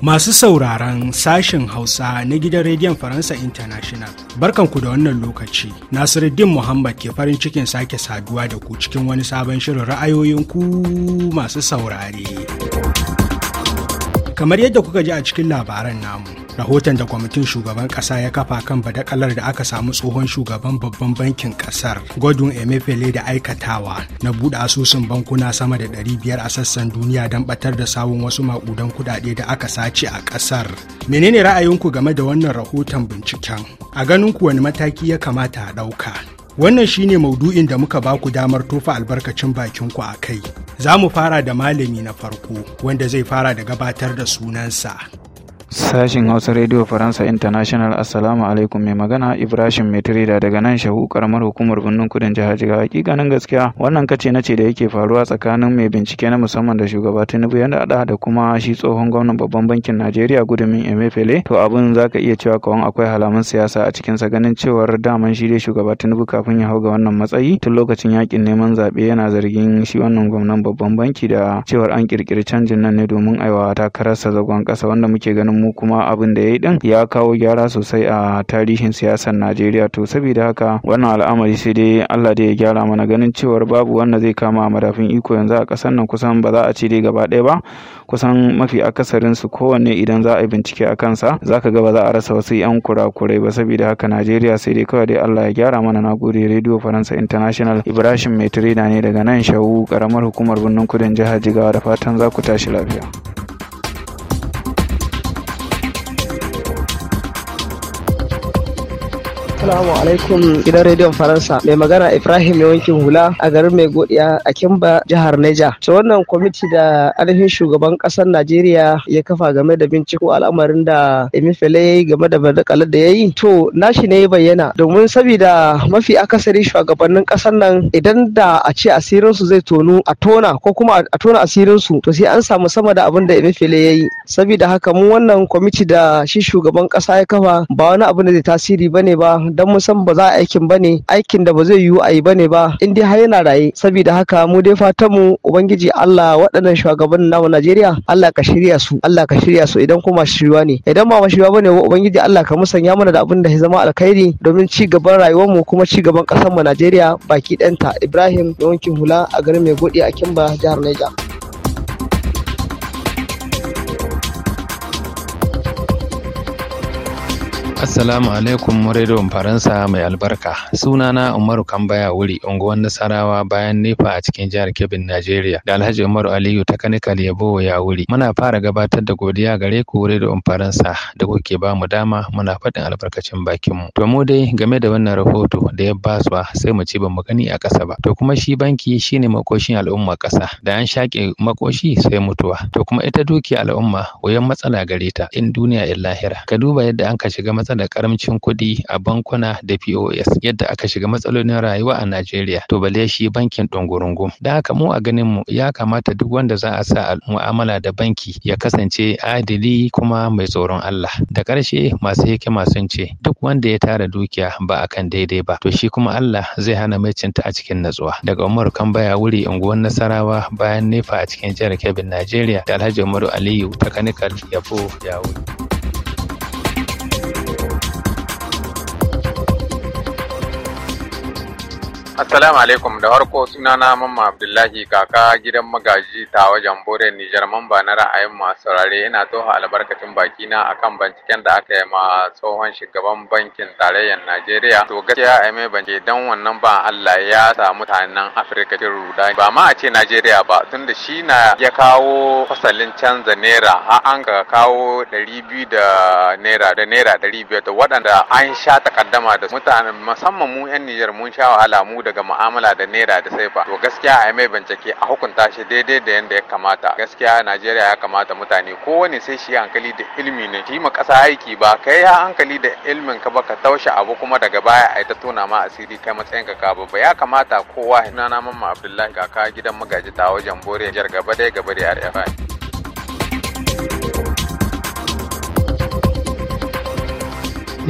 Masu sauraron sashen Hausa na gidan Rediyon Faransa International, barkanku da wannan lokaci. Nasiruddin Muhammad ke farin cikin sake saduwa da ku cikin wani sabon shirin ra'ayoyin ku masu saurare. Kamar yadda kuka ji a cikin labaran namu, rahoton da kwamitin shugaban kasa ya kafa kan badakalar da aka samu tsohon shugaban babban bankin kasar godwin emefele da aikatawa na buɗe asusun bankuna sama da 500 a sassan duniya don batar da sawun wasu maƙudan kuɗaɗe da aka sace a kasar menene ra'ayinku game da wannan rahoton binciken a ganin ku wani mataki ya kamata a ɗauka wannan shine maudu'in da muka baku damar tofa albarkacin bakin ku a kai za mu fara da malami na farko wanda zai fara da gabatar da sunansa Sashen Hausa Radio Faransa International Assalamu alaikum mai magana Ibrahim Metrida daga nan shahu karamar hukumar birnin kudin jihar Jigawa hakikanin gaskiya wannan kace na ce da yake faruwa tsakanin mai bincike na musamman da shugaba Tinubu yana da da kuma shi tsohon gwamnan babban bankin Najeriya gudumin Emefiele to abun zaka iya cewa kawan akwai halamun siyasa a cikin sa ganin cewar daman shi dai shugaba Tinubu kafin ya hau ga wannan matsayi tun lokacin yakin neman zabe yana zargin shi wannan gwamnan babban banki da cewar an kirkiri canjin nan ne domin aiwa takararsa zagon kasa wanda muke ganin mu kuma abin da ya yi din ya kawo gyara sosai a tarihin siyasar Najeriya to saboda haka wannan al'amari sai dai Allah da ya gyara mana ganin cewar babu wanda zai kama madafin iko yanzu a ƙasar nan kusan ba za a ce dai gaba ɗaya ba kusan mafi akasarin su kowanne idan za a yi bincike a kansa zaka ga ba za a rasa wasu yan kurakurai ba saboda haka Najeriya sai dai kawai dai Allah ya gyara mana na gode Radio Faransa International Ibrahim Maitrida ne daga nan Shawu karamar hukumar birnin kudin jihar Jigawa da fatan za ku tashi lafiya. Assalamu alaikum gidan rediyon Faransa. Mai magana Ibrahim yawancin Hula a garin Mai Godiya a Kimba jihar Neja. To wannan kwamiti da ainihin shugaban kasar Najeriya ya kafa game da binciko al'amarin da Emefiele ya yi game da badakalar da ya yi. To nashi ne ya bayyana domin saboda mafi akasari shugabannin kasar nan idan da a ce asirin su zai tonu a tona ko kuma a tona asirin su to sai an samu sama da abin da Emefiele ya yi. Saboda haka mu wannan kwamiti da shi shugaban kasa ya kafa ba wani abu da zai tasiri bane ba dan mun san ba za a aikin bane aikin da ba zai yiwu a yi bane ba in dai har yana raye saboda haka mu dai fatan mu ubangiji Allah waɗannan shugabannin namu Najeriya Allah ka shirya su Allah ka shirya su idan kuma shiriwa ne idan ba shiriwa bane wa ubangiji Allah ka musanya mana da abin da ya zama alkhairi domin ci gaban rayuwar mu kuma ci gaban ƙasar mu Najeriya baki ɗanta Ibrahim wankin hula a garin Mai Maigodi a Kimba jihar Niger Assalamu alaikum rediyon Faransa mai albarka. Sunana Umaru Kambaya Wuri, unguwar Nasarawa bayan Nefa a cikin jihar Kebbi, Najeriya. Da Alhaji Umaru Aliyu ta Kanikal Yabo ya wuri. Muna fara gabatar da godiya gare ku rediyon Faransa da kuke ba mu dama muna faɗin albarkacin bakin mu. To mu dai game da wannan rahoto da ya basuwa sai mu ci ba mu gani a ƙasa ba. To kuma shi banki shine makoshin al'umma ƙasa. Da an shaƙe makoshi sai mutuwa. To kuma ita dukiya al'umma wayan matsala gare ta in duniya in lahira. Ka duba yadda an ka shiga matsala Kasa da karamcin kuɗi a bankuna da POS yadda aka shiga matsalolin rayuwa a Najeriya to bale shi bankin dungurungu Da haka mu a ganin mu ya kamata duk wanda za a sa mu'amala da banki ya kasance adili kuma mai tsoron Allah. Da ƙarshe masu hikima sun ce duk wanda ya tara dukiya ba a kan daidai ba to shi kuma Allah zai hana mai cinta a cikin natsuwa. Daga Umar Kambaya wuri unguwar Nasarawa bayan nefa a cikin jihar Kebbi Najeriya da Alhaji Umaru Aliyu ta Kanikal Yabo Assalamu alaikum da harko na Mamma Abdullahi kaka gidan magaji ta wajen Bore Nijar mamba na ra'ayin masu saurare ina toha albarkacin baki na akan binciken da aka yi ma tsohon shugaban bankin tarayyar Najeriya to gaskiya a mai banke dan wannan ba Allah ya sa mutanen Afirka cikin ruda ba ma a ce Najeriya ba tunda shi na ya kawo fasalin canza naira a an ka kawo 200 da naira da naira 500 da waɗanda an sha takaddama da mutanen musamman mu 'yan Nijar mun sha wahala mu daga ga mu'amala da naira da saifa to gaskiya a mai bincike a hukunta shi daidai da yanda ya kamata gaskiya najeriya ya kamata mutane kowane sai shi hankali da ilimi ne shi ma kasa aiki ba kai ya hankali da ilmin ka ba ka taushe abu kuma daga baya a ta tona ma asiri kai matsayin ka ba ya kamata kowa na naman ma abdullahi ka gidan magaji ta wajen bore jar gaba dai gaba da rfi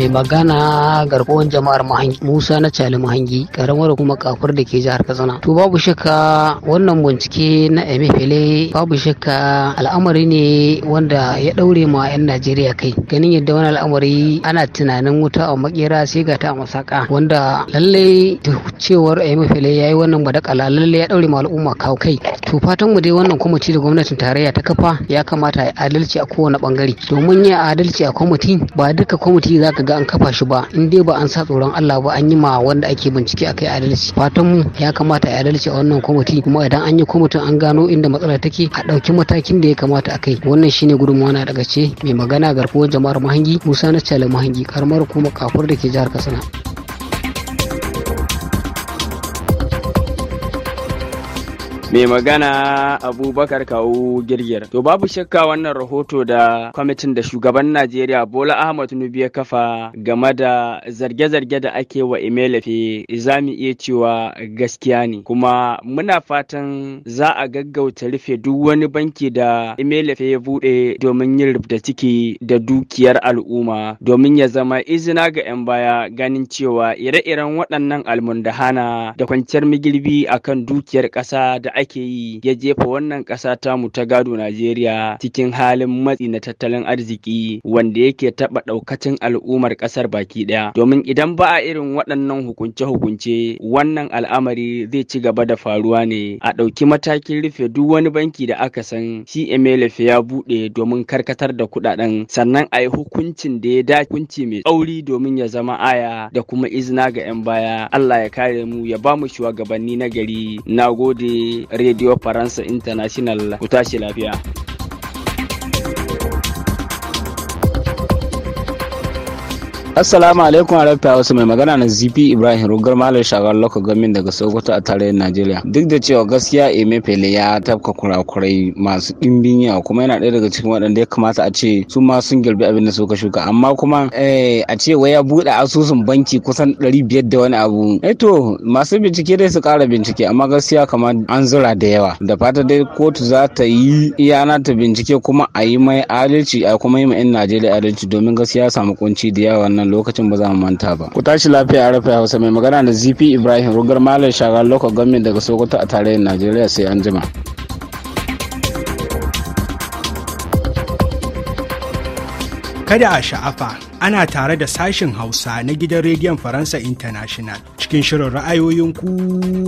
mai magana garkuwan jama'ar mahangi musa na cali mahangi karamar kuma kafur da ke jihar katsina to babu shakka wannan bincike na emefele babu shakka al'amari ne wanda ya daure ma 'yan najeriya kai ganin yadda wani al'amari ana tunanin wuta a makera sai ga ta a masaka wanda lallai cewar emefele ya yi wannan badakala lallai ya daure ma al'umma kawo kai to fatan mu dai wannan kwamiti da gwamnatin tarayya ta kafa ya kamata ya adalci a kowane bangare domin ya adalci a kwamiti ba duka kwamiti za ka riga an kafa shi ba in dai ba an sa tsoron Allah ba an yi ma wanda ake bincike akai adalci fatan mu ya kamata a adalci a wannan kwamiti kuma idan an yi kwamitin an gano inda matsala take a ɗauki matakin da ya kamata akai wannan shine gudunmawa na daga ce mai magana garkuwar jama'ar mahangi Musa na Cale mahangi karamar kuma kafur da ke jihar Katsina. Mai magana Abubakar Kawu Girgir. To babu shakka wannan rahoto da kwamitin da shugaban Najeriya Bola Ahmad Tinubu ya kafa game da zarge-zarge da ake wa Imelefe za mu iya cewa gaskiya ne. Kuma muna fatan za a gaggauta rufe duk wani banki da Imelefe ya buɗe domin yin rubda ciki da dukiyar al'umma domin ya zama izina ga 'yan baya ganin cewa ire-iren waɗannan almundahana da kwanciyar migirbi akan dukiyar ƙasa da ake yi ya jefa wannan ƙasa mu ta gado Najeriya cikin halin matsi na tattalin arziki wanda yake taɓa ɗaukacin al'ummar ƙasar baki ɗaya. Domin idan ba a irin waɗannan hukunce-hukunce wannan al'amari zai ci gaba da faruwa ne a ɗauki matakin rufe duk wani banki da aka san shi MLF ya buɗe domin karkatar da kuɗaɗen sannan a yi hukuncin da ya dace hukunci mai tsauri domin ya zama aya da kuma izina ga 'yan baya. Allah ya kare mu ya ba mu shugabanni na gari. Na gode radio faransa international ku tashi lafiya Assalamu alaikum wa rafi wasu mai magana na ZP Ibrahim Rugar Malam Shagar Loko Gamin daga Sokoto a tarayyar Najeriya. Duk da cewa gaskiya Emefiele ya tafka kurakurai masu ɗimbin yawa kuma yana ɗaya daga cikin waɗanda ya kamata a ce su ma sun girbi abin da suka shuka amma kuma eh, a ce wai ya buɗe asusun banki kusan ɗari biyar da wani abu. Eh to masu bincike dai su ƙara bincike amma gaskiya kamar an zura da yawa da fata dai kotu za ta yi iyana ta bincike kuma a yi mai adalci a kuma yi ma 'yan Najeriya adalci domin gaskiya samu kunci da yawa wannan lokacin ba za mu manta ba ku tashi lafiya a rafi hausa mai magana da zp ibrahim rugar malam shagar local government daga sokoto a tarayyar najeriya sai an jima kada a sha'afa ana tare da sashin hausa na gidan rediyon faransa international cikin shirin ra'ayoyin ku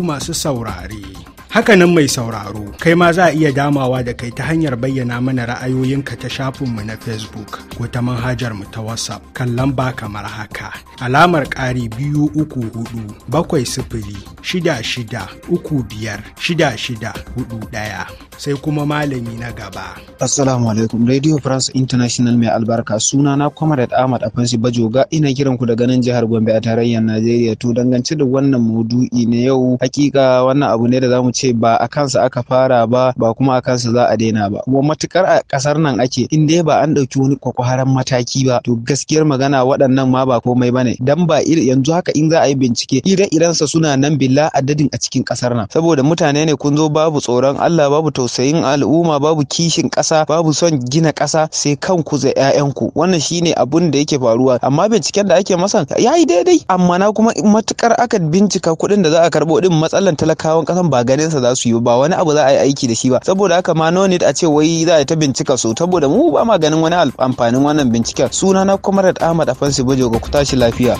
masu saurare. Hakanan mai sauraro, kai ma za a iya damawa da kai ta hanyar bayyana mana ra'ayoyinka ta shafinmu na Facebook ko ta manhajar mu ta WhatsApp kan lamba kamar haka. Alamar ƙari biyu uku hudu bakwai sifili shida shida uku biyar shida shida hudu ɗaya. Sai kuma malami na gaba. Assalamu alaikum Radio France International mai albarka suna na Comrade Ahmad Afansi Bajoga ina kiran ku daga nan jihar Gombe a tarayyar Najeriya to dangance da wannan maudu'i na yau hakika wannan abu ne da zamu ci ce ba a kansa aka fara ba ba kuma a kansa za a daina ba kuma matukar a kasar nan ake in dai ba an ɗauki wani kwakwaran mataki ba to gaskiyar magana waɗannan ma ba komai bane dan ba iri yanzu haka in za a yi bincike ire sa suna nan billa adadin a cikin kasar nan saboda mutane ne kun zo babu tsoron Allah babu tausayin al'umma babu kishin kasa babu son gina kasa sai kanku da 'ya'yanku wannan shine abun da yake faruwa amma binciken da ake masa ya daidai amma na kuma matukar aka bincika kuɗin da za a karbo din matsalan talakawan kasan ba ganin kansa za su yi ba wani abu za a yi aiki da shi ba saboda haka ma no need a ce wai za a ta bincika su saboda mu ba ma ganin wani amfanin wannan binciken suna na comrade ahmad afansi bajo ga ku tashi lafiya.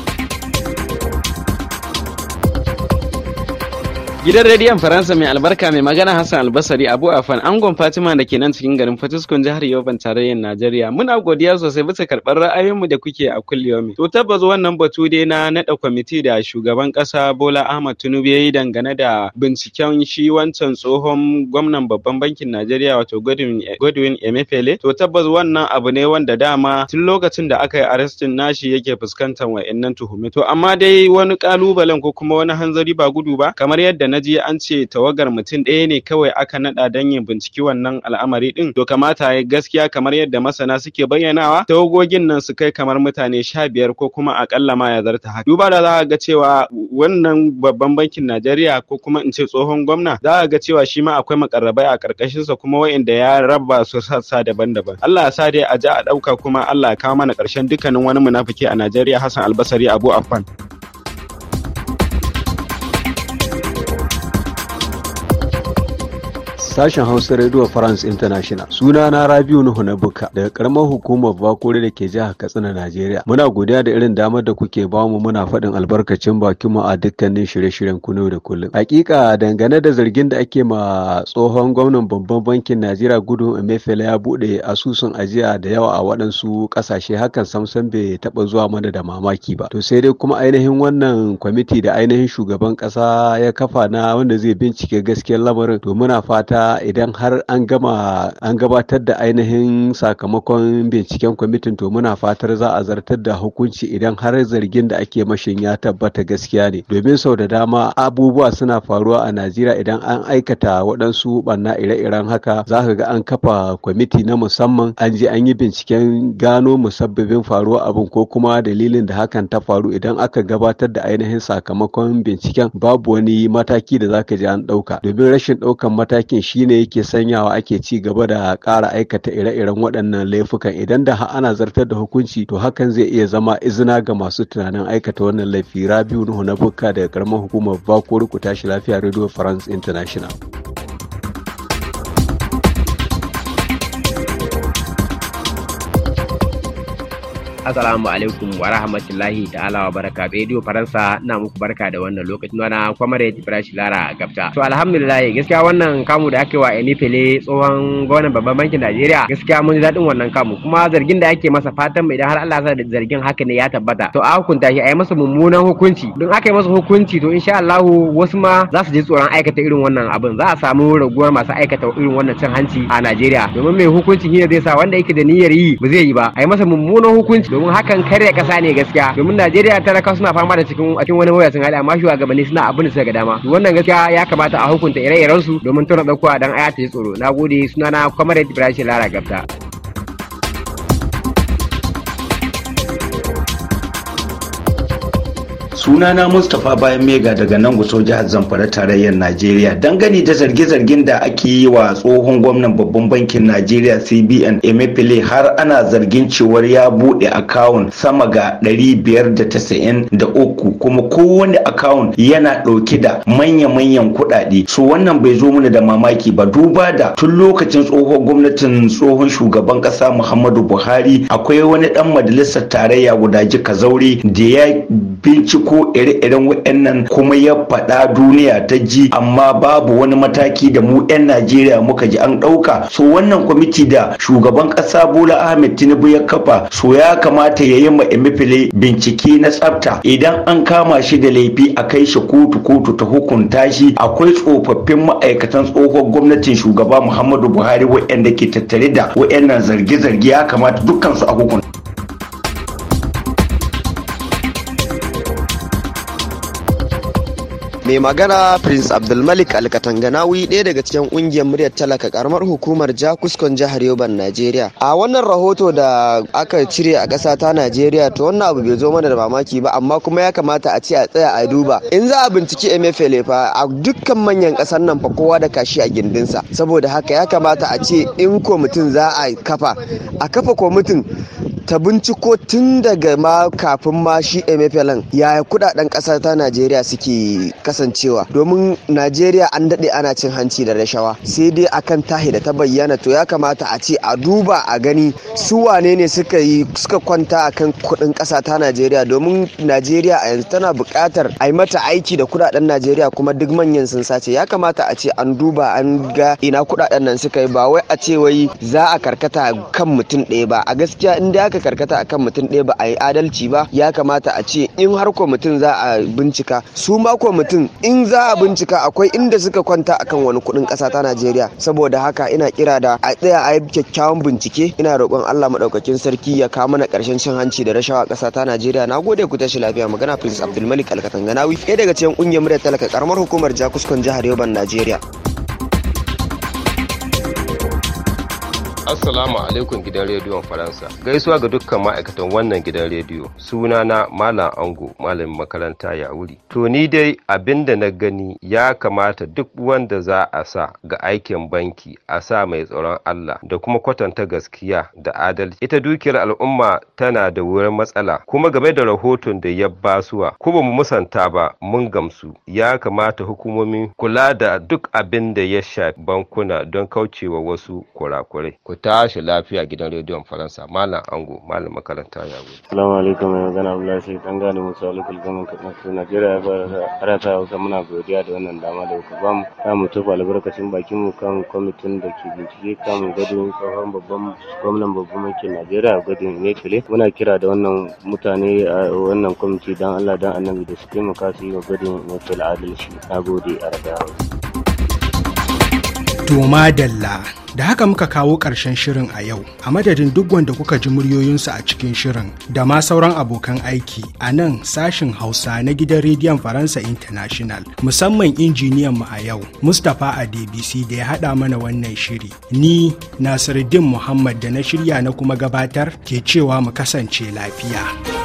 Gidan rediyon Faransa mai albarka mai magana Hassan Albasari Abu Afan angon Fatima da ke nan cikin garin Fatiskun jihar Yoban tarayyar Najeriya. Muna godiya sosai bisa karɓar ra'ayoyinmu da kuke a kulliyomi. To tabbas wannan batu dai na naɗa kwamiti da shugaban ƙasa Bola Ahmad Tinubu ya yi dangane da binciken shi wancan tsohon gwamnan babban bankin Najeriya wato Godwin Emefele. To tabbas wannan abu ne wanda dama tun lokacin da aka yi arrestin nashi yake fuskantar wainnan tuhumi. To amma dai wani ƙalubalen ko kuma wani hanzari ba gudu ba kamar yadda na ji an ce tawagar mutum ɗaya ne kawai aka naɗa dan yin binciki wannan al'amari ɗin to kamata ya gaskiya kamar yadda masana suke bayyanawa tawagogin nan su kai kamar mutane sha biyar ko kuma aƙalla ma ya zarta haka duba da za a ga cewa wannan babban bankin Najeriya ko kuma in ce tsohon gwamna za a ga cewa shi ma akwai makarrabai a ƙarƙashinsa kuma wa'inda ya raba su sassa daban-daban Allah sa dai a ja a ɗauka kuma Allah ya kawo mana ƙarshen dukkanin wani munafuki a Najeriya Hassan Albasari Abu Affan. Sashen Hausa Radio France International. Suna na Rabiu Nuhu na Buka daga karamar hukumar bakore da ke jihar Katsina, Najeriya. Muna godiya da irin damar da kuke bamu muna faɗin albarkacin bakinmu a dukkanin shirye-shiryen kuno da kullum. Hakika dangane da zargin da ake ma tsohon gwamnan babban bankin Najeriya gudun Emefiele ya buɗe asusun ajiya da yawa a waɗansu ƙasashe hakan samsam bai taɓa zuwa mana da mamaki ba. To sai dai kuma ainihin wannan kwamiti da ainihin shugaban ƙasa ya kafa na wanda zai bincike gaskiyar lamarin to muna fata idan har an gama gabatar da ainihin sakamakon binciken kwamitin to muna fatar za a zartar da hukunci idan har zargin da ake mashin ya tabbata gaskiya ne domin sau da dama abubuwa suna faruwa a najeriya idan an aikata waɗansu ɓanna ire-iren haka za ka ga an kafa kwamiti na musamman an je an yi binciken gano musabbabin faruwa abin ko kuma dalilin da hakan ta faru idan aka gabatar da ainihin sakamakon binciken babu wani mataki da za ka je an ɗauka domin rashin ɗaukan matakin shi ne yake sanyawa ake ci gaba da ƙara aikata ire-iren waɗannan laifukan idan da ana zartar da hukunci to hakan zai iya zama izina ga masu tunanin aikata wannan laifi rabiu nuhu na bukka daga karamar hukumar bakuru ku shi lafiya radio france international Assalamu alaikum wa rahmatullahi ta'ala wa baraka. Radio Faransa na muku barka da wannan lokacin wana kwamare Ibrahim Lara Gabta. To alhamdulillah gaskiya wannan kamu da ake wa wa Enifele tsohon gwamnan babban bankin Najeriya gaskiya mun ji daɗin wannan kamu kuma zargin da ake masa fatan mai idan har Allah ya zargin haka ne ya tabbata. To a hukunta shi a yi masa mummunan hukunci. Don aka yi masa hukunci to insha Allah wasu ma za su ji tsoron aikata irin wannan abin za a samu raguwar masu aikata irin wannan cin hanci a Najeriya domin mai hukunci ne zai sa wanda yake da niyyar yi ba zai yi ba a yi masa mummunan hukunci domin hakan karya kasa ne gaskiya domin Najeriya talaka suna fama da cikin a cikin wani sun hali amma shugabanni suna abin da suka ga dama wannan gaskiya ya kamata a hukunta ire-iren su domin tana dauko dan aya ta yi tsoro nagode sunana Comrade Ibrahim Lara Gabta sunana mustapha bayan mega daga nan gusau jihar zamfara tarayyar najeriya dangane da zarge-zargen da ake yi wa tsohon gwamnan babban bankin najeriya cbn emefiele har ana zargin cewar ya buɗe akawun sama ga 593 kuma kowane akawun yana ɗauke da manya-manyan kuɗaɗe so wannan bai zo mana da mamaki ba duba da tun lokacin tsohon gwamnatin tsohon shugaban ƙasa muhammadu buhari akwai wani ɗan majalisar tarayya guda jika zaure da ya binciko ko ire-iren wa'annan kuma ya faɗa duniya ta ji amma babu wani mataki da mu 'yan Najeriya muka ji an ɗauka so wannan kwamiti da shugaban ƙasa Bola Ahmed Tinubu ya kafa so ya kamata ya yi ma Emefiele bincike na tsafta idan an kama shi da laifi a kai shi kotu kotu ta hukunta shi akwai tsofaffin ma'aikatan tsohon gwamnatin shugaba Muhammadu Buhari wa'anda ke tattare da wa'annan zarge-zarge ya kamata dukkan a hukunta. mai magana prince abdulmalik alkatanganawi ɗaya daga cikin ƙungiyar muryar talaka karamar hukumar jakuskon jihar yoban najeriya a wannan rahoto da aka cire a ƙasa ta najeriya to wannan abu bai zo mana da mamaki ba amma kuma ya kamata a ce a tsaya a duba in za a binciki mfl fa a dukkan manyan ƙasar nan fa kowa da kashi a gindin sa, saboda haka ya kamata a ce in kwamitin za a kafa a kafa kwamitin ta binciko tun daga ma kafin ma shi emefielen yaya kudaden kasar ta najeriya suke kasancewa domin najeriya an daɗe ana cin hanci da rashawa sai dai akan tahi da ta bayyana to ya kamata a ce a duba a gani su wane ne suka yi suka kwanta akan kudin kasa ta najeriya domin najeriya a yanzu tana buƙatar a yi mata aiki da kudaden najeriya kuma duk manyan sun sace ya kamata a ce an duba an ga ina kudaden nan suka yi ba wai a ce wai za a karkata kan mutum ɗaya ba a gaskiya in da aka karkata akan mutum ɗaya ba a yi adalci ba ya kamata a ce in har mutum za a bincika su ma mutum in za a bincika akwai inda suka kwanta akan wani kuɗin ƙasa ta Najeriya saboda haka ina kira da a tsaya a yi kyakkyawan bincike ina roƙon Allah maɗaukakin sarki ya kawo mana ƙarshen cin hanci da rashawa ƙasa ta Najeriya na gode ku tashi lafiya magana Prince Abdulmalik Alkatanganawi ɗaya daga cikin ƙungiyar murya talaka ƙaramar hukumar Jakuskon jihar Yoban Najeriya. Assalamu alaikum gidan rediyon Faransa. Gaisuwa ga dukkan ma'aikatan wannan gidan rediyo. Suna na Malam Ango, malamin makaranta ya wuri. To ni dai abin da na gani ya kamata duk wanda za a sa ga aikin banki a sa mai tsoron Allah da kuma kwatanta gaskiya da adalci. Ita dukiyar al'umma tana da wurin matsala kuma game da rahoton da ya basuwa ko ba mu musanta ba mun gamsu ya kamata hukumomin kula da duk abin da ya shafi bankuna don kaucewa wasu kurakurai. tashi lafiya gidan rediyon faransa malam ango malam makaranta ya gudu salamu alaikum mai magana abdullahi dan gane musa alukul gamin kasar najeriya ya ta hausa muna godiya da wannan dama da kuka bamu za mu tufa albarkacin bakin mu kan kwamitin da ke bincike kan gadon tsohon babban gwamnan babban mulkin najeriya gadon mekele muna kira da wannan mutane a wannan kwamiti dan allah dan annabi da su taimaka su yi wa gadon adalci na gode a rada To madalla da haka muka kawo ƙarshen shirin a yau a madadin duk wanda kuka ji muryoyinsu a cikin shirin da ma sauran abokan aiki a nan sashin hausa na gidan rediyon faransa international musamman injiniyan mu a yau mustapha a dbc da ya haɗa mana wannan shiri ni nasiruddin muhammad da na shirya na kuma gabatar ke cewa mu kasance lafiya.